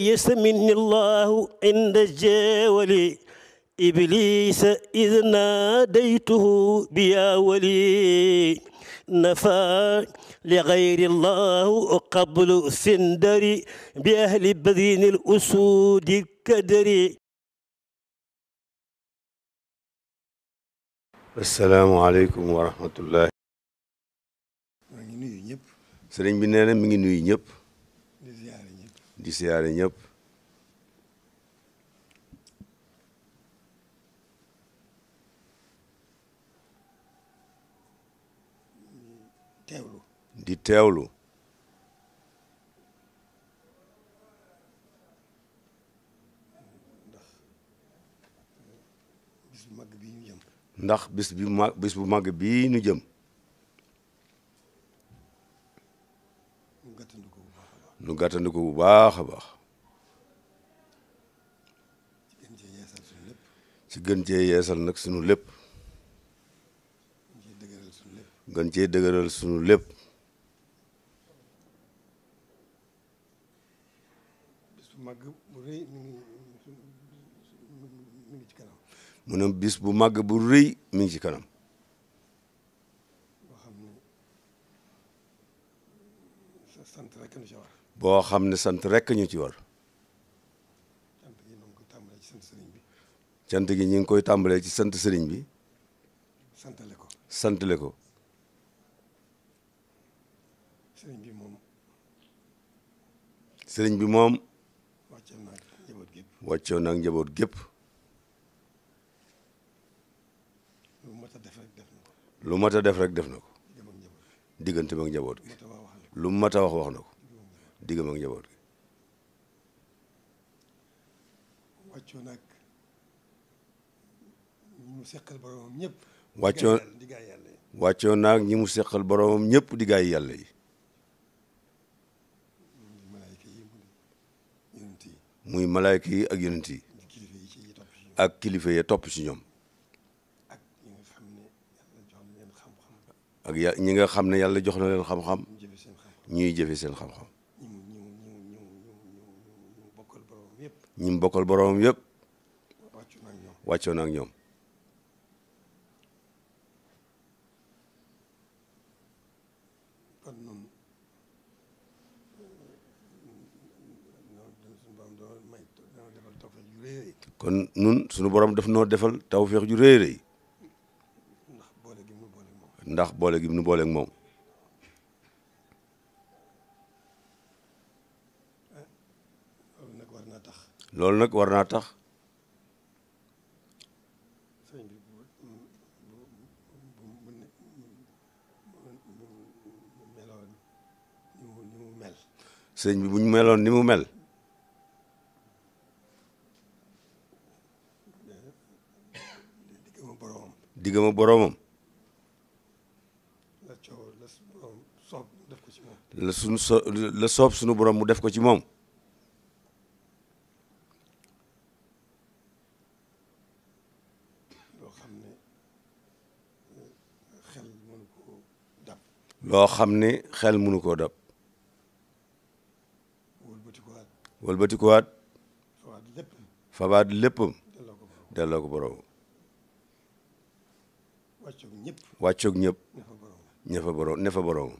يسمني الله عند الجاول إبليس إذ ناديته بيا ولي نفى لغير الله قبل سندري بأهل بذين الأسود الكدري السلام عليكم ورحمة الله sëriñ bi nee na mi ngi nuyu ñëpp di siyaare ñëpp teewlu di teewlu ndax bis bu mag bi ñu jëm ndax bis bi ma jëm nu gàttandi bu baax a baax ci gën cee yeesal nag sunu lépp gën cee dëgëral sunu lépp mu ne bis bu màgg bu rëy mi ngi ci kanam boo xam ne sant rekk ñu ci war cant gi ñu ngi koy tàmbalee ci sant sëriñ bi santale ko santale ko sëriñ bi moom sëriñ bi moom wàccoo nag njaboot gépp njaboot gépp lu mat a def rek def na ko lu mat a def rek def na ko diggante mag njaboot gi lu mat a wax wax na ko diggam ak njaboot gi wàccoo nag ñi mu seqal boromam ñëpp wàccoo yàlla yi ñi mu seqal boromam ñëpp di yàlla muy malaayka yi ak yonent ak kilifa yi topp ci ñoom ak ya ñi nga xam ne yàlla jox na leen xam-xam ñuy jëfe seen xam-xam ñi mu bokkal boroomam yëpp wàccoon ak ñoom kon nun sunu borom daf noo defal tawfeex ju rëy rëy ndax boole gi nu booleeg moom loolu nag war naa tax sëñ bi bu ñu meloon ni mu mel diggama boroomam la sunu so la soob sunu borom mu def ko ci moom loo xam ne xel mënu koo dab wëlbatikuwaat fabaat léppam delloo ko borom wàccoog ñëpp ña fa borom ne fa borom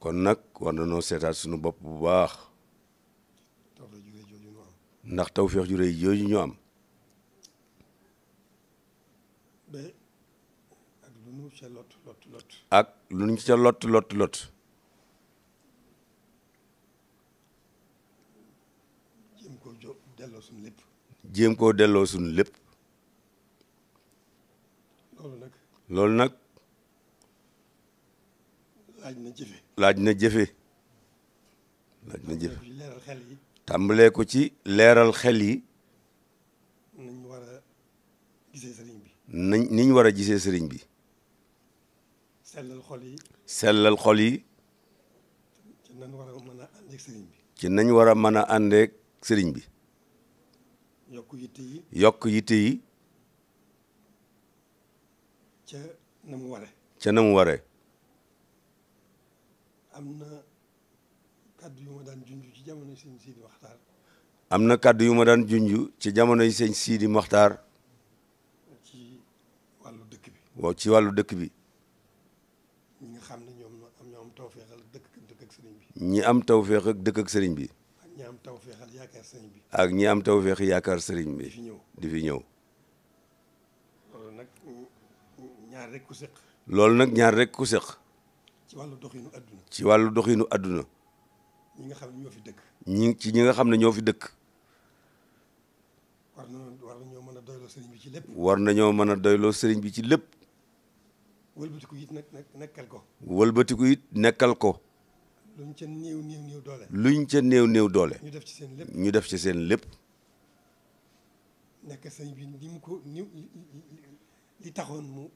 kon nag war na noo seetaat sunu bopp bu baax ndax tawfeex ju rëy jooju ñu am ak lu ñu ca lot lot lot jéem koo delloo suñu lépp jéem loolu nag loolu nag laaj na jëfe laaj na jëfe laaj na jëfe tàmbalee ko ci leeral xel yi nañ war a sëriñ bi nañ ni ñu war a gisee sëriñ bi sellal xol yi. sellal xol yi. ci nañ war a a àndeeg sëriñ bi. ci nañ war a mën a àndeeg sëriñ bi. yokk yitte yi. yokk yitte yi. ca na ware ca na ware am na kàddu yu ma daan junj ci jamonoy sëñ Sidi Maxtaar. am na kàddu yu ma daan junj ci jamonoy sëñ Sidi Maxtaar. ci wàllu dëkk bi. waaw ci wàllu dëkk bi. ñi am tawféex ak dëkk ak sëriñ bi. ak ñi am tawféex ak yaakaar sëriñ bi. ak ñi am tawféex yaakaar sëriñ bi. di fi ñëw di fi ñëw. loolu nag ñaar rek ku sëq loolu nag ñaar rek ku sëq ci wàllu doxinu adduna. wàllu doxinu adduna. ñi nga xam ne ñoo fi dëkk. ñi ci ñi nga xam ne ñoo fi dëkk. war ñoo mën a doyloo sëriñ bi ci lépp. war nañoo mën a doyloo sëriñ bi ci lépp. wëlbatiku it nekkal ko. wëlbatiku it nekkal ko. luñ ca néew néew néew doole. luñ ca néew néew doole. ñu def ci seen lépp ñu def ci seen lépp. nekkal sëriñ bi ni mu ko ni li taxoon mu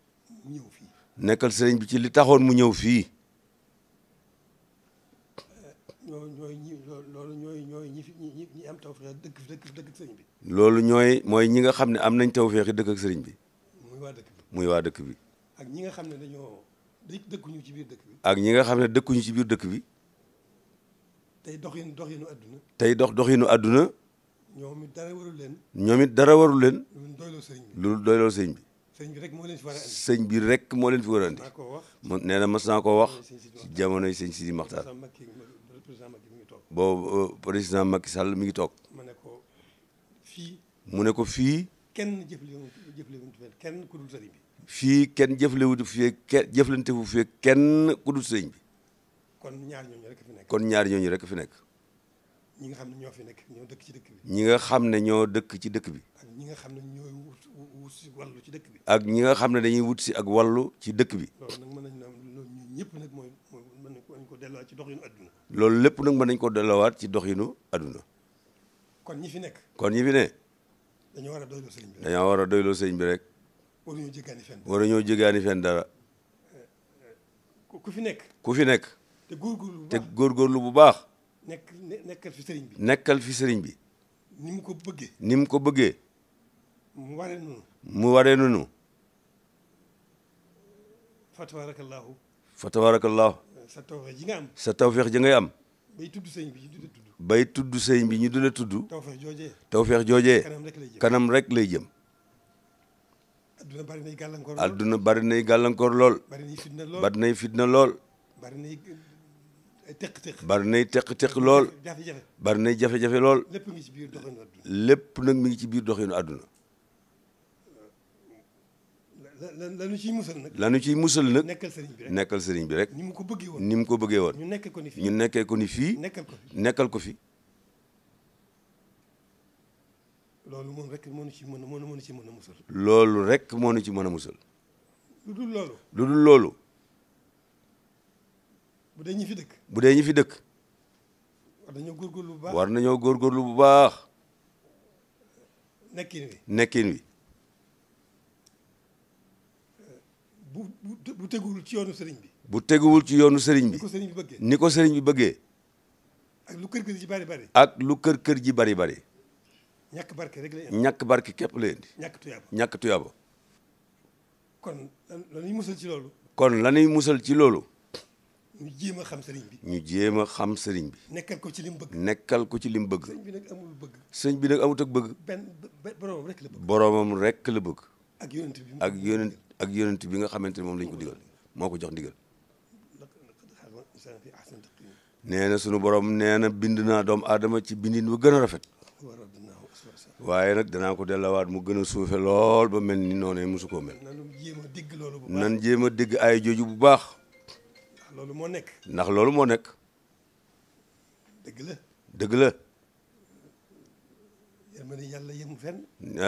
ñëw fii. nekkal sëriñ bi ci li taxoon mu ñëw fii. Eh, ñooy ñooy ñi loolu ñooy ñooy ñi fi ñi ñi am tawfeex dëkk dëkk dëkk ak sëriñ bi. loolu ñooy mooy ñi nga xam ne am nañ tawfeex dëkk ak sëriñ bi. muy waa dëkk bi muy waa dëkk bi. ak ñi nga xam ne dañoo dëkkuñu ci biir dëkk bi. ak ñi nga xam ne dëkkuñu ci biir dëkk bi. tey dox yéen dox yéenu àdduna. tey dox dox yéenu àdduna. ñoom it dara warul leen. ñoom it dara warul leen. lu doyloo sëñ bi lu sëñ bi. sëñ bi rek moo leen fi war a andi. sëñ bi rek moo leen fi war a andi. ma nee na mas koo wax ci jamonoy sëñ Sidi Maxtaar. boobu euh, président Macky Sall mi ngi toog. mu ne ko fii. mu ne ko fii. kenn jëflewuñu jëflewuñu kenn ku dul fii kenn jëflewuñu fii kenn jëflante fii kenn ku dul sëriñ bi. kon ñaar ñooñu rek fi nekk. kon ñaar rek fi nekk. ñi nga xam ne ñoo fi nekk ñoo dëkk ci dëkk bi. ñi nga xam ne ñoo dëkk ci dëkk bi. ak ñi nga xam ne ñooy wut wut si ci dëkk bi. ak ñi nga xam ne dañuy wut si ak wallu ci dëkk bi. loolu nag mën nañu loolu ñëpp nag mooy mën nañu ko delloowaat ci doxinu adduna. loolu lépp nag mën nañu ko delloowaat ci doxinu adduna. kon ñi fi nekk. kon ñi fi ne. dañoo war a doyloo sëñ bi rek war a doyloo sëñ bi rek. waruñoo jéggaani fenn. waruñoo jéggaani fenn dara. Eh, eh, ku fi nekk. ku fi nekk. te góorgóorlu bu baax te bu baax. nekk nekkal fi sëriñ bi. nekkal fi sëriñ bi. ni mu ko bëggee. ni mu ko bëggee. mu waree noonu. mu waree noonu. fa tabaarakallaahu. fa tabaarakallaahu. sa tawfeex ji nga am. sa tawfeex ji ngay am. bay tudd sëriñ bi ñu dula tudd. bay tudd sëriñ bi ñu dula tudd. tawfeex joojee. tawfeex joojee. kanam rek lay jëm kanam rek lay jëm. adduna bari nay gàllankoor lool adduna bari nay gàllankoor lool. bari nay fitna lool bari nay fitna lool. bari teq-teq bari nay teq-teq lool. jafe bari nay jafe-jafe lool. lépp ngi ci biir doxinu àdduna. lépp nag mi ngi ci biir doxinu àdduna. la nu ciy musal nag. la nu ciy musal nag. nekkal sëriñ bi rek nekkal sëriñ bi rek. ni mu ko bëggee woon ni mu ko bëggee woon. ñu nekkee ko ni fii ñu nekkee ko fii. nekkal nekkal ko fi. loolu moom rek moo nu ci mën a moo ci mën a musal. loolu rek moo nu ci mën a musal. lu dul lu dul loolu. bu dee ñi fi dëkk. bu dee ñi fi dëkk. war nañoo góorgóorlu bu baax war nañoo bu baax. nekkin wi nekkin wi. bu bu bu teguwul ci yoonu sëriñ bi. bu teguwul ci yoonu sëriñ bi. ni ko sëriñ bi bëggee ni ko sëriñ bi bëggee. ak lu kër kër ji bari bari. ak lu kër kër ji bari bari. ñàkk barke rek lay indi ñàkk barke képp lay indi. ñàkk kon lan la ñuy ci loolu. kon la musal ci loolu. ñu jéem a xam sëriñ bi. ñu jéem a xam sëriñ bi. nekkal ko ci lim bëgg. nekkal ko ci lim bëgg. sëñ bi sëñ bi nag amut ak bëgg. benn boromam rek la bëgg. rek la bëgg. ak yonent bi ak yonent ak yonent bi nga xamante ne moom lañ ko digal moo ko jox ndigal. nee na sunu borom nee na bind naa doom aadama ci bindin bu gën a rafet. waaye nag danaa ko dellawaat mu gën a suufe lool ba mel ni noonu musu koo mel. nan jéem a dégg jéem a dégg ay jooju bu baax. loolu moo nekk. ndax loolu moo nekk. dëgg la dëgg la. yërmande yàlla yemut fenn.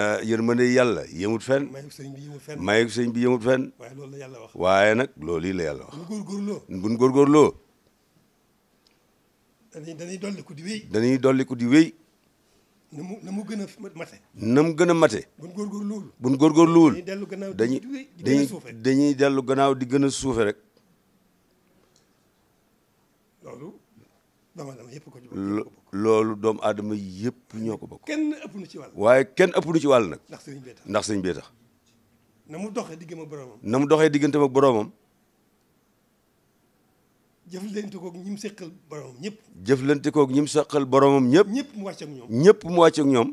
Eh, yërmande yàlla yemut fenn. mayeeg sëñ bi yemut fenn mayeeg sëñ bi yemut fenn. waaye loolu la yàlla wax. waaye nag loolu la yàlla wax. bu ñu góorgóorloo bu ñu góorgóorloo. dañuy dañuy dolli ku di wéy. dañuy dolli di wéy. mu gën a mate. na mu gën a mate. bu ñu góorgóorluwul bu ñu góorgóorluwul. dañuy dellu gannaaw di dañuy dañuy dellu gannaaw di gën a suufe rek. loolu doomu aadama yëpp ko loolu doomu aadama yëpp ñoo ko bokk. kenn ëpp nu ci wàll. waaye kenn ëpp nu ci wàll nag. ndax sëñ bee tax ndax sëñ bee tax. na mu doxee diggante ak boroomam. na mu doxee diggante ak boroomam. jëflante koog ñi mu seqal boroomam ñëpp. jëflante koog ñi mu seqal ñëpp. ñëpp mu wàcc ñoom. ñëpp mu ñoom.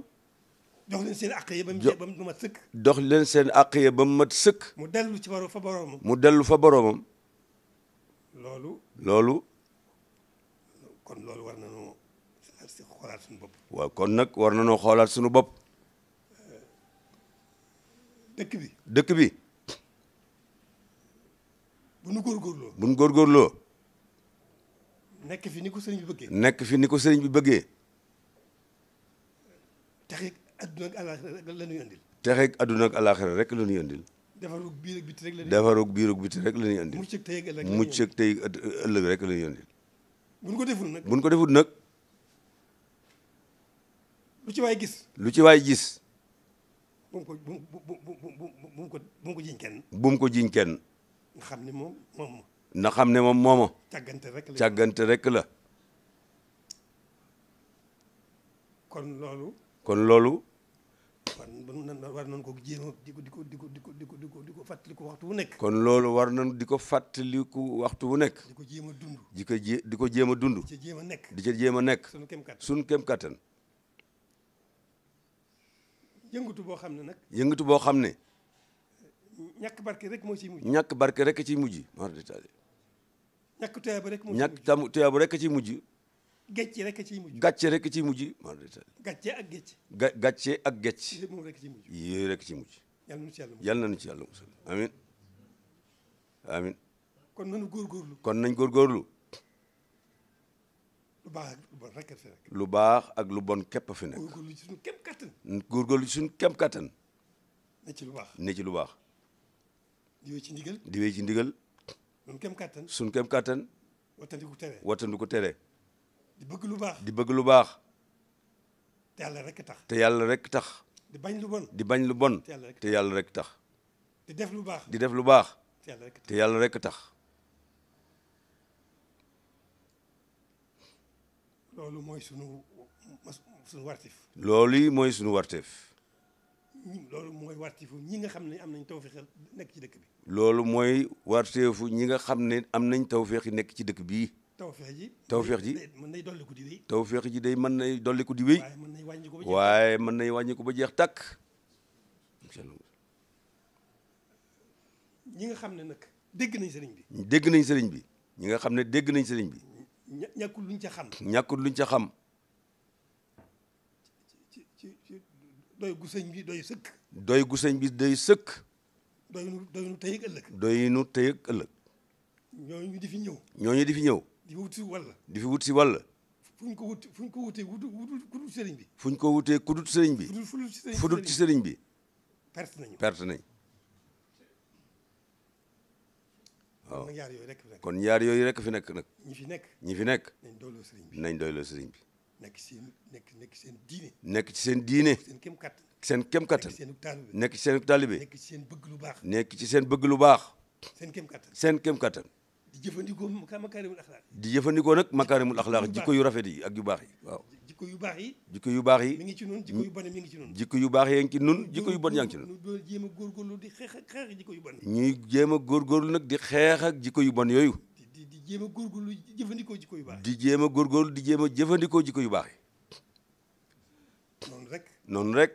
dox leen seen àq yi ba mu mat sëkk. dox leen seen àq ba mu mat sëkk. mu dellu ci fa boroomam. mu dellu fa boroomam. loolu. kon loolu war nañoo xoolaat suñu bopp. waaw kon nag war nañoo xoolaat suñu bopp. Eh, dëkk bi dëkk bi. bu nu góorgóorloo bu nu góorgóorloo. nekk fi ni ko sëriñ bi bëggee. nekk fi ni ko sëriñ bi bëggee. texeeg adduna ak alaaxira rek la ñuy andil. texeeg adduna ak alaaxira rek la ñuy andil. defarug biir ak rek la ñuy. defarug biir ak biti rek la ñuy andil. mucc tey ëllëg rek la ñuy andil. buñ ko deful nag buñ ko deful nag. lu ci waay gis. lu ci waay gis. bu mu ko ko bu jiñ kenn. bu ko jiñ kenn. nga xam ne moom moom na xam ne moom mooma. càggante rekk la càggante rek la. kon loolu. kon loolu. kon war nañ ko jéem a di ko di ko di ko di ko di di ko di ko waxtu wu nekk. kon loolu war nañ di ko fàttaliku waxtu wu nekk. di ko jéem a dund. di ko jé di ko jéem a dund. di ca a nekk. di ca jéem a nekk. sunu kem kattan sunu kem kattan. yëngatu boo xam ne nag. yëngatu boo xam ne. ñàkk barke rek moo ciy mujj. ñàkk barke rek ciy mujj. ñàkk tuyaaba rek moo ciy mujj ñàkk tuyaaba rek ciy mujj. gàcce rek ciy mujj. gàcce rek ciy mujj. gàcce ak gàcce. ga gàcce ak gàcce. moom rek ciy mujj. yooyu rek ciy mujj. yal nañu ci yàlla musal yal nañu ci yàlla musal amiin amiin. kon nañu góorgóorlu. kon nañ góorgóorlu. lu baax ak lu bon rek fi nekk. lu baax ak lu bon képp fi nekk. góorgóorlu ci suñu kéem kattan. góorgóorlu ci suñu kéem kattan. ne ci lu baax ne ci lu baax. di wéy ci ndigal. di wéy ci ndigal. suñu kéem kattan. suñu kéem kattan. wattandiku tere wattandiku tere. di bëgg lu baax di bëgg lu baax. te yàlla rek tax te yàlla rek tax. di bañ lu bon di bañ lu bon. te yàlla rekk tax di def lu baax di def lu baax. te yàlla rek tax. loolu mooy sunu sunu warteef. loolu yi mooy sunu warteef. loolu mooy warteefu ñi nga xam ne am nañ tawféex nekk ci dëkk bi. loolu mooy warteefu ñi nga xam ne am nañ tawféex nekk ci dëkk bii. tawfeex ji tawfeex ji mën nay dolliku di wéy tawfeex ji day mën nay dolliku di wéy waaye mën nay wàññi ko ba jeex tàkk ñi nga xam ne nag dégg nañ sëriñ bi dégg nañ sëriñ bi ñi nga xam ne dégg nañ sëriñ bi ñàkkul luñ ca xam ñàkkul luñ ca xam ci doy gu sëñ bi doy sëkk doy gu sëñ bi doy sëkk doy nu doy nu tey ak ëllëg doy nu tey ëllëg ñooñu di fi ñëw ñooñu di fi ñëw di fi wut si di fi wut si wàll. fu ñu ko wut fu ñu ko wutee ku dul sëriñ bi. fu ko wutee ku dul sëriñ bi. fu dul ci sëriñ bi perte nañu perte nañu waaw kon ñaar yooyu rek fi nekk nag. ñi fi nekk ñi fi nekk. nañ doyloo sëriñ bi nañ doyloo sëriñ bi. nekk ci seen nekk seen diine. nekk ci seen diine. seen kem kattan seen kem nekk ci seen taalibe nekk ci seen bëgg lu baax. nekk ci seen bëgg lu baax. seen kem seen kem kattan. di jëfandikoo makaarimul axlaaq di jëfandikoo nag makaarimul axlaaq jikko yu rafet yi ak yu baax yi waaw jikko yu baax yi jikko yu baax yi mi ngi ci nun jikko yu bon mi ngi ci nun jikko yu baax yaa ngi ci nun jikko yu bon yaa ngi ci nun ñu doon jéem a góorgóorlu di xeex ak xeex jikko yu bon ñuy jéem a góorgóorlu nag di xeex ak jikko yu bon yooyu di jéem a góorgóorlu di jëfandikoo jikko yu baax di jéem a góorgóorlu di jéem a jëfandikoo jikko yu baax yi noonu rek noonu rek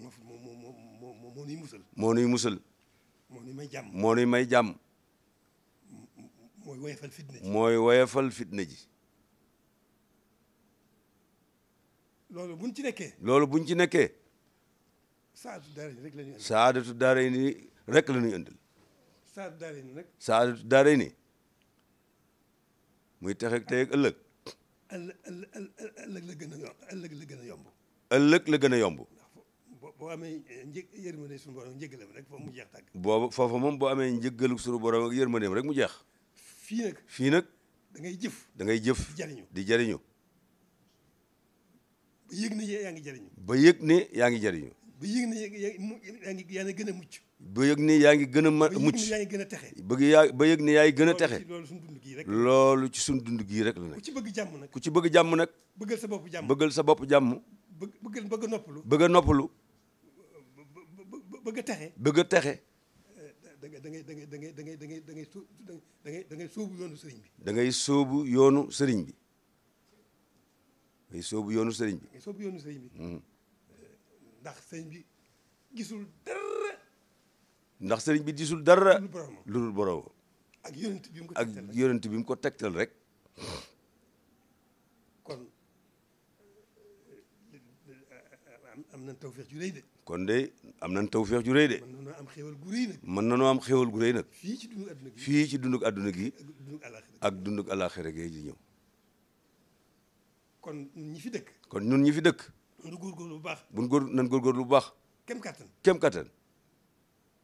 moo moo moo moo moo nuy musal moo nuy musal moo nuy may jàmm moo nuy may jàmm mooy woyefal fitna ji mooy woyefal fitna ji. loolu buñ ci nekkee. loolu buñ ci nekkee. saadatu daara yi rek la ñuy andil. saadatu daara yi rek la ñuy andil. saadatu daara yi nag. saadatu daara yi muy tax ak tey ak ëllëg. la gën a yomb ëllëg la gën a yomb. ëllëg la gën a yomb. boo amee një yërmande suñu borom njëgalam rek foofu mu jeex tàgg. boobu foofu moom boo amee njëgalu suñu borom ak yërmandeem rek mu jeex. fii nag fii nag da ngay jëf da ngay jëf di jariñu di jariñu ba yëg ne yaa ngi jariñu ba yëg ne yaa ngi jariñu ba yëg ne yaa ngi yaa ngi gën a mucc ba yëg ne yaa ngi gën a mucc yaa ngi gën a texe bëgg yaa ba yëg ne yaa ngi gën a texe loolu suñu dund gii rek loolu ci suñu dund gii rek la nekk ku ci bëgg jàmm nag ku ci bëgg jàmm nag bëggal sa bopp jàmm bëggal sa bopp jàmm bëgg bëgg a noppalu bëgg a noppalu bëgg a texe bëgg a texe da ngay da ngay da ngay da ngay da da ngay da yoonu sëriñ bi. da ngay sóobu yoonu sëriñ bi. da ngay sóobu yoonu sëriñ bi. da ngay yoonu sëriñ bi. Hmm. ndax bi gisul dara. ndax sëriñ bi gisul dara. lu dul borom ak yonent bi mu ko tegtal bi mu ko tegtal rek. kon am nañ tawfeex ju de. kon de am nañ tawfeex ju rëy de. mën nañoo am xéwal gu rëy mën nañoo am xéwal gu rëy nag. fii ci dundug adduna gi fii ci dundug adduna gi. ak dundug alaaxira gi di ñëw. kon ñun ñi fi dëkk. kon ñun ñi fi dëkk. nu góorgóorlu bu baax. bu nu góor nan góorgóorlu lu baax. kem kattan kem kattan.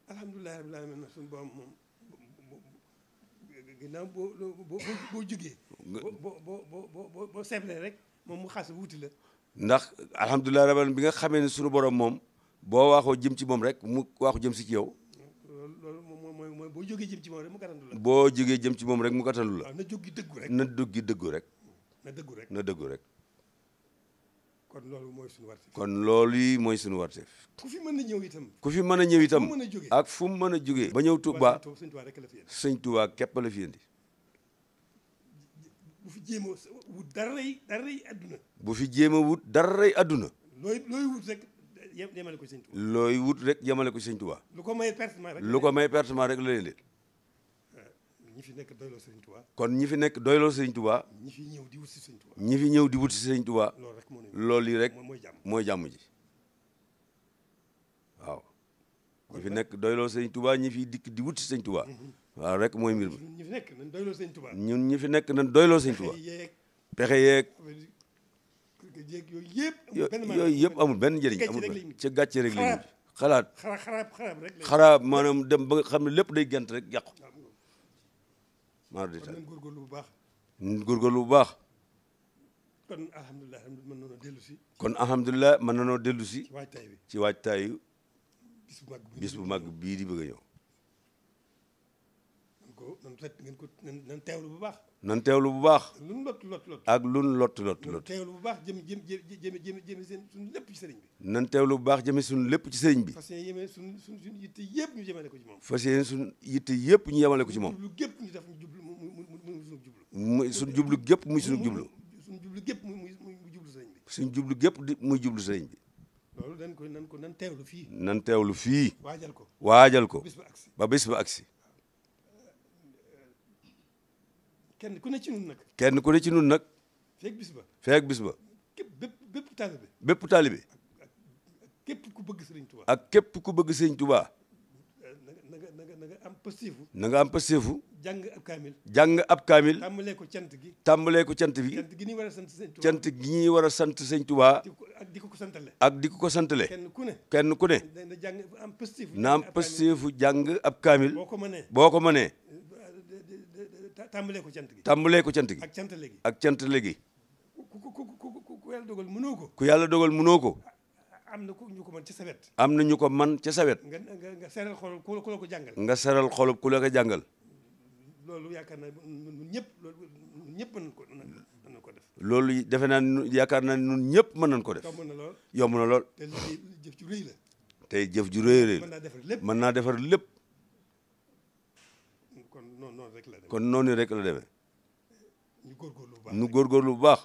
alhamdulilah rabbil alamin suñu borom moom ginnaaw boo boo boo jógee. boo rek moom mu xas wuti la. ndax alhamdulilah rabbil bi nga xamee ne sunu borom moom. boo waaxoo jëm ci moom rek mu waaxu jëm si ci yow. loolu mooy mooy boo jógee jëm ci moom rek mu gàttandu la. boo jógee jëm ci moom rek mu gàttandu la. na jógi dëggu rek na jógi dëggu rek. na rek na dëggu rek. kon loolu mooy suñu warteef. kon loolu yi mooy suñu warteef. ku fi mën a ñëw itam. ku fi mën a ñëw itam ak fu mën a jógee. ba ñëw Touba sëñ Touba képp la fi indi. bu fi jéem a wut bu fi jéem a wut dara rey adduna. yemale ko sëñ looy wut rek yemale ko sëñ Tuubaa lu ko may pertement rek lu ko may pertement rek la leen ah, ñi fi nekk doyloo sëñ kon ñi fi nekk doyloo sëñ Tuubaa ñi fi ñëw di wut si sëñ Tuubaa ñi fi ñëw di wut si sëñ Tuubaa loolu yi rek mooy jàmm ji waaw ñi fi nekk doyloo sëñ Tuubaa ñi fi dikk di wut si sëñ mm-hmm. waaw rek mooy mbir mi ñi fi nekk nañ doyloo sëñ Tuubaa ñun ñi fi nekk nañ doyloo sëñ Tuubaa pexe yeeg yooyu yëpp amul benn njëriñ amul benn ca gàcce rek lañu xalaat xaraab maanaam dem ba nga xam ne lépp day gent rek yàqu maa di taal góorgóorlu bu baax góorgóorlu lu baax kon alhamdulilah mën nanoo dellu kon alhamdulilah mën nanoo dellu si ci waajtaay bi ci waajtaayu bis bu mag bii di bëgg a ñëw ko nan fet ngeen ko nan teewlu bu baax nan teewlu bu baax lun lot lot lot ak lun lot lot lot teewlu bu baax jëm jëm jëm jëm jëm seen suñu lépp ci sëriñ bi nan teewlu bu baax jëme suñu lépp ci sëriñ bi fas yéene suñ suñ suñu yitte yëpp ñu yemale ko ci moom fas yitte yëpp ñu yemale ko ci moom jublu gépp ñu def ñu jublu mu suñu jublu muy suñu jublu gépp muy suñu jublu suñu mu mu jublu sëriñ bi suñu jublu gépp muy jublu sëriñ bi loolu dañ ko nan ko nan teewlu fii nan teewlu fii waajal ko waajal ko ba bis ba agsi kenn ku ne ci nun nag. kenn ku ne ci nun nag. feeg ba feeg ba. bépp bépp taalibe. bépp taalibe. ak képp ku bëgg Sëriñ Tuubaa. ak képp ku bëgg Sëriñ Tuubaa. Eh, na nga na nga na am pasteefu. na nga am pasteefu. jàng ab jàng ab kaamil. tàmbalee ko cant gi. tàmbalee ko cant bi. cant gi ñuy war a sant Sëriñ Tuubaa. gi ñuy war a sant Sëriñ Tuubaa. di ko ko santale. ak di ko ko santale. kenn ku ne. kenn ku ne. na jàng am pasteefu. na am pasteefu jàng ab kaamil. boo ko mënee boo ko mënee. tàmbalee ko cant gi. tàmbalee ko cant ak cant léegi. ak cant léegi. ku ku ku ku yàlla dogal mënoo ko. ku yàlla dogal mënoo ko. am na ñu ko mën ca sawet. am na ñu ko man ca sawet. nga nga nga seral ku la ko jàngal. nga seral xol ku la jàngal. loolu yaakaar naa ñëpp loolu ñëpp ko mën ko def. loolu defe naa nu yaakaar naa ñun ñëpp mën nañ ko def. yomb na lool yomb na lool. te jëf ju rëy la. tey jëf ju rëy rëy la mën naa defar lépp. kon noonu rek la demee ñu góorgóorlu bu lu baax.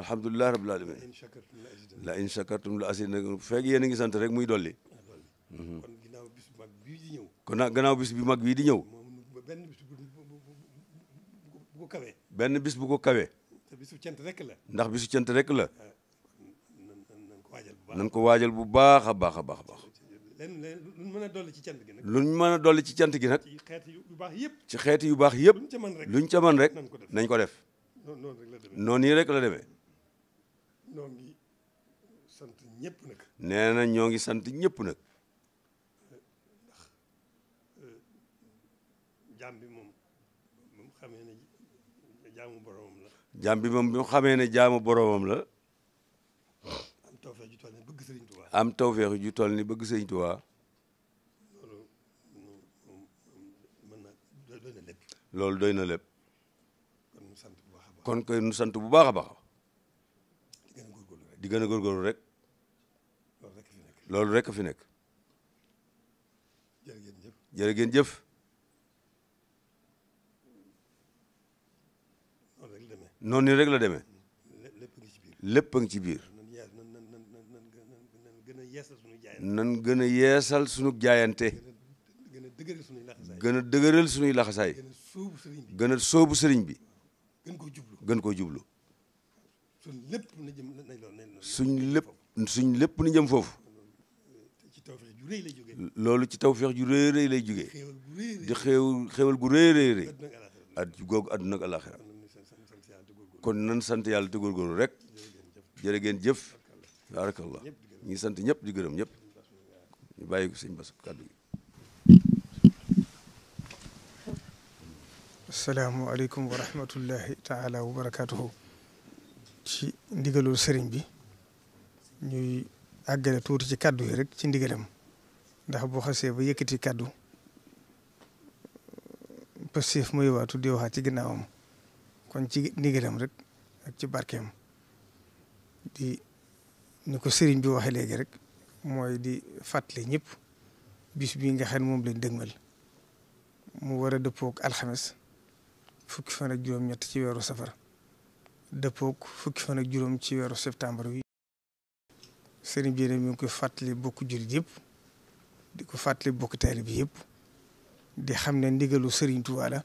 alhamdulilah rabbil alamin la in shakartum la azidannakum fekk yéen ngi sant rek muy dolli. kon gannaaw bis bu mag bii di ñëw. bis bu mag bii di ñëw. benn bis bu ko kawee. benn bis bu ko kawee. te bisu cant rek la. ndax bis cant rek la. Ah, nan ko waajal bu a baax a baax a baax. lenn luñ a dolli ci cant gi nag. luñ mën a dolli ci cant gi nag. ci xeeti yu baax yëpp. ci xeeti yu baax yëpp. luñ ca mën rek luñ ca mën rek nañ ko def. noonu yi rek la demee. noo ngi sant ñëpp nag. nee na ñoo ngi sant ñëpp nag. Eh, jaam bi moom moom xamee ne jaamu boromam la. jaam moom bi xamee ne jaamu boromam la. ju toll ni bëgg Sëriñ Tuubaa am tawfeex ju toll ni bëgg Sëriñ Tuubaa loolu doy na lépp kon koy nu sant bu baax a baax di gën a góorgóorlu rek loolu rek a fi nekk jërë ngeen jëf noonu rek la demee lépp a ngi ci biir nan gën a yeesal sunu jaayante gën a dëgëral sunuy laxasaay gën a dëgëral sunuy laxasaay gën a sóobu bi gën ko jublu gën koo jublu suñ lépp na jëm suñ lépp suñ lépp na jëm foofu loolu ci tawfeex ju rëy rëy lay jógee di xew xewal gu rëy rëy rëy at googu àdduna ak àlaxira kon nan sant yàlla te góorgóorlu rek jërë ngeen jëf barakallah ñu ngi sant ñëpp di gërëm ñëpp ñu bàyyi ko sëñ Bass kàddu gi. asalaamualeykum wa ci ndigalul sëriñ bi ñuy àggale tuuti ci kàddu yi rek ci ndigalam ndax boo xasee ba yëkkati kàddu passif muy waatu di waxaat ci ginnaawam kon ci ndigalam rek ak ci barkeem di. ni ko sëriñ bi waxee léegi rek mooy di fàttale ñëpp bis bii nga xam ne moom lañ dëgmal mu war a dëppoog alxames fukki fan ak juróom-ñett ci weeru safar juróom ci weeru septembre wi sëriñ bi ne ngi koy fàttali bokk jullit yëpp di ko fàttali bokk taalib bi yëpp di xam ne ndigalu sëriñ Tuubaa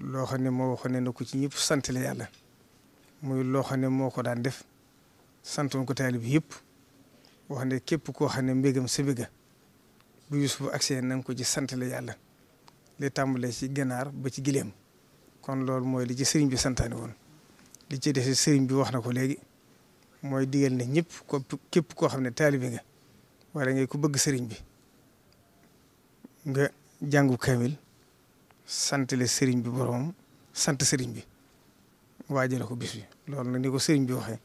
loo xam ne moo waxoon ne na ko ci ñëpp sant la yàlla muy loo xam ne moo ko daan def sant santoon ko taalib yëpp wax ne képp koo xam ne mbégam sa bu Yuusuf agsee na ko ci sant la yàlla li tàmbalee ci ganaar ba ci gileem kon loolu mooy li ci sëriñ bi santaane woon li ci des sëriñ bi wax na ko léegi mooy digal ne ñëpp ko képp koo xam ne taalibe nga wala ngay ko bëgg sëriñ bi nga jàngu kamil sant le sëriñ bi boroom sant sëriñ bi waajale ko bis bi loolu nag ni ko sëriñ bi waxee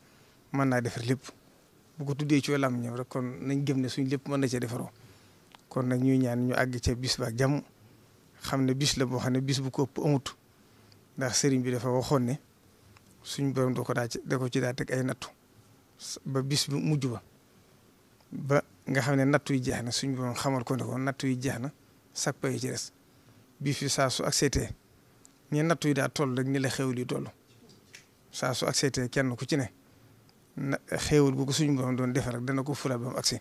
mën naa defar lépp bu ko tuddee ci wàllam ñëw rek kon nañ gëm ne suñ lépp mën na cee defaroo kon nag ñuy ñaan ñu àgg ca bis ba ak xam ne bis la boo xam ne bis bu ko ëpp ndax sëriñ bi dafa waxoon ne suñ borom ko da ko ci daa ay nattu ba bis bu mujj ba ba nga xam ne nattu yi jeex na suñ borom xamal ko ne ko nattu yi jeex na sak pay ci des bi fi saa su ak seetee nattu yi daa toll rek ni la xew li toll saa su ak kenn ku ci ne na xéewal gu ko suñu borom doon defar rek dana ko fula ba mu agsi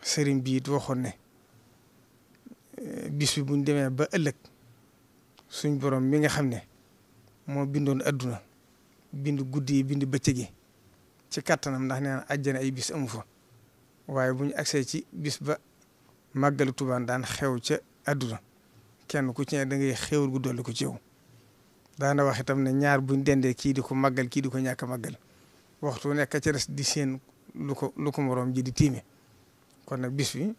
sëriñ bi it waxoon ne eh, bis bi buñ demee ba ëllëg suñ borom mi nga xam ne moo bindoon adduna bind guddi bind bëccëg yi ci kattanam ndax nee na ay bis amu waaye bu ñu agsee ci bis ba màggalu Tuubaa daan xew ca adduna kenn ku ci ne da ngay xéewal gu dolli ko ci yow daana wax itam ne ñaar buñ dendee kii di ko màggal kii di ko ñàkk a waxtu nekk ca des di seen lu ko lu di tiime kon nag bis bi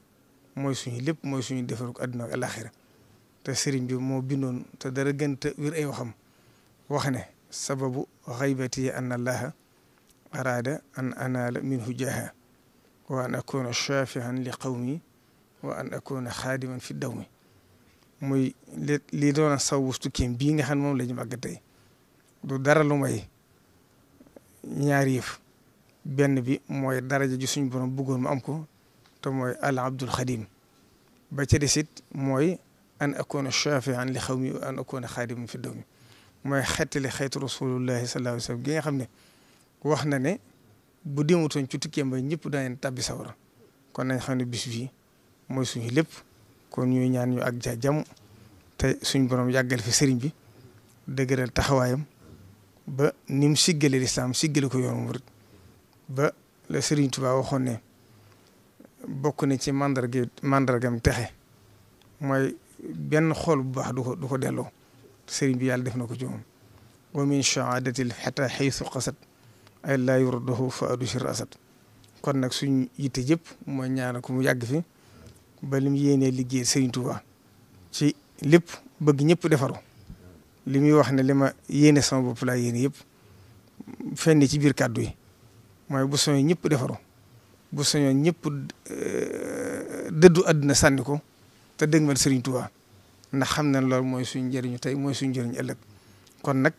mooy suñu lépp mooy suñu defarug àdduna ak alaxira te sëriñ bi moo bindoon te dara gën te wir ay waxam wax ne sababu xaybati an allaha araada an anaala minhu jaaha wa an akuna shafihan li qawmi wa an akuna xaadiman fi dawmi muy li li doon a saw wustu kéem bii nga xam moom la ñu màgg tey du dara lu may ñaari yëf benn bi mooy daraja ji suñu borom buggoon mu am ko te mooy al abdul xadim ba ca sit mooy an akoona shafian li an akoona fi daw mi mooy xettali xeetu rasulullahi sallallahu gi nga xam ne wax na ne bu demutoon ci tukkeem ba ñëpp daañu tabbi sawra kon nañ xam ne bis mooy suñu lépp kon ñu ñaan ñu ak ja jàmm te suñu borom yàggal fi sëriñ bi dëgëral taxawaayam ba ni mu siggale lislaam siggale ko yoonu murit ba la Serigne Touba waxoon ne bokk na ci mandarga mandargam texe mooy benn xool bu baax du ko du ko delloo Serigne bi yàlla def na ko ci moom wa min shahaadatil xata xaysu qasat ay laa yurdahu fa adushir asad kon nag suñ yitte yëpp mooy ñaanal ko mu yàgg fi ba lim yéenee liggéey Serigne Touba ci lépp bëgg ñëpp defaro li muy wax ne li ma yéene sama bopp laa yéene yëpp fenn ci biir kàddu yi mooy bu soñoon ñëpp defaru bu soñoon ñëpp euh, dëddu àdduna sànni ko te dëgg man Serigne Touba ndax xam na loolu mooy suñu njëriñu tey mooy suñ njëriñu ëllëg kon nag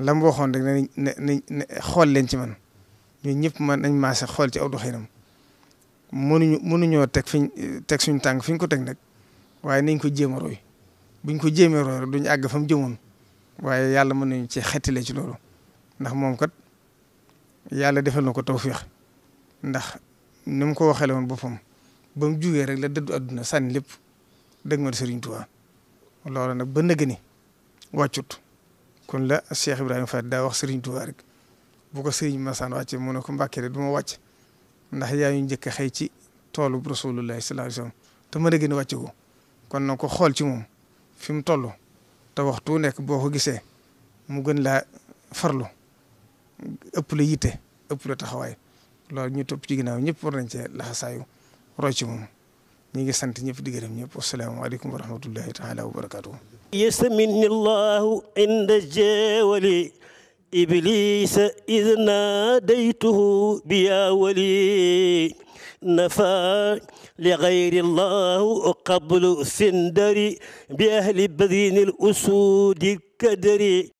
la waxoon rek ne ne xool leen ci man ñun ñëpp man nañ maase xool ci aw doxinam mënuñu mënuñoo teg fiñ teg suñ tànk fi ñu ko teg nag waaye nañ ko jéem a roy buñ ko jéemee roy du ñu àgg fa mu jëmoon waaye yàlla mën nañu ci xettile ci loolu ndax moom kat yàlla defal na ko tawféex ndax ni ko waxale woon boppam ba mu jugee rek la dëddu àdduna sànni lépp dëgg ma sëriñ Touba loolu nag ba nëgëni wàccut kon la Cheikh Ibrahima Fall daa wax sëriñ Touba rek bu ko ma Massane wàccee mu ne ko Mbàkke de du ma wàcc ndax yaa yu njëkk a xëy ci toolu Rasulullahi sallallahu alayhi ma nëgëni wàcce ko kon na ko xool ci moom fi mu toll. te waxtu nekk boo ko gisee mu gën laa farlu ëpp la yitte ëpp la taxawaay loolu ñu topp ci ginnaaw ñëpp war nañ cee laxasaayu roy ci moom ñu ngi sant ñëpp di gërëm ñëpp wasalaamaaleykum wa rahmatullahi taala wa barakatuhu yasmini llahu inda jeewali iblisa id naadaytuhu biya wali نفى لغير الله قبل سندري بأهل بذين الأسود كدري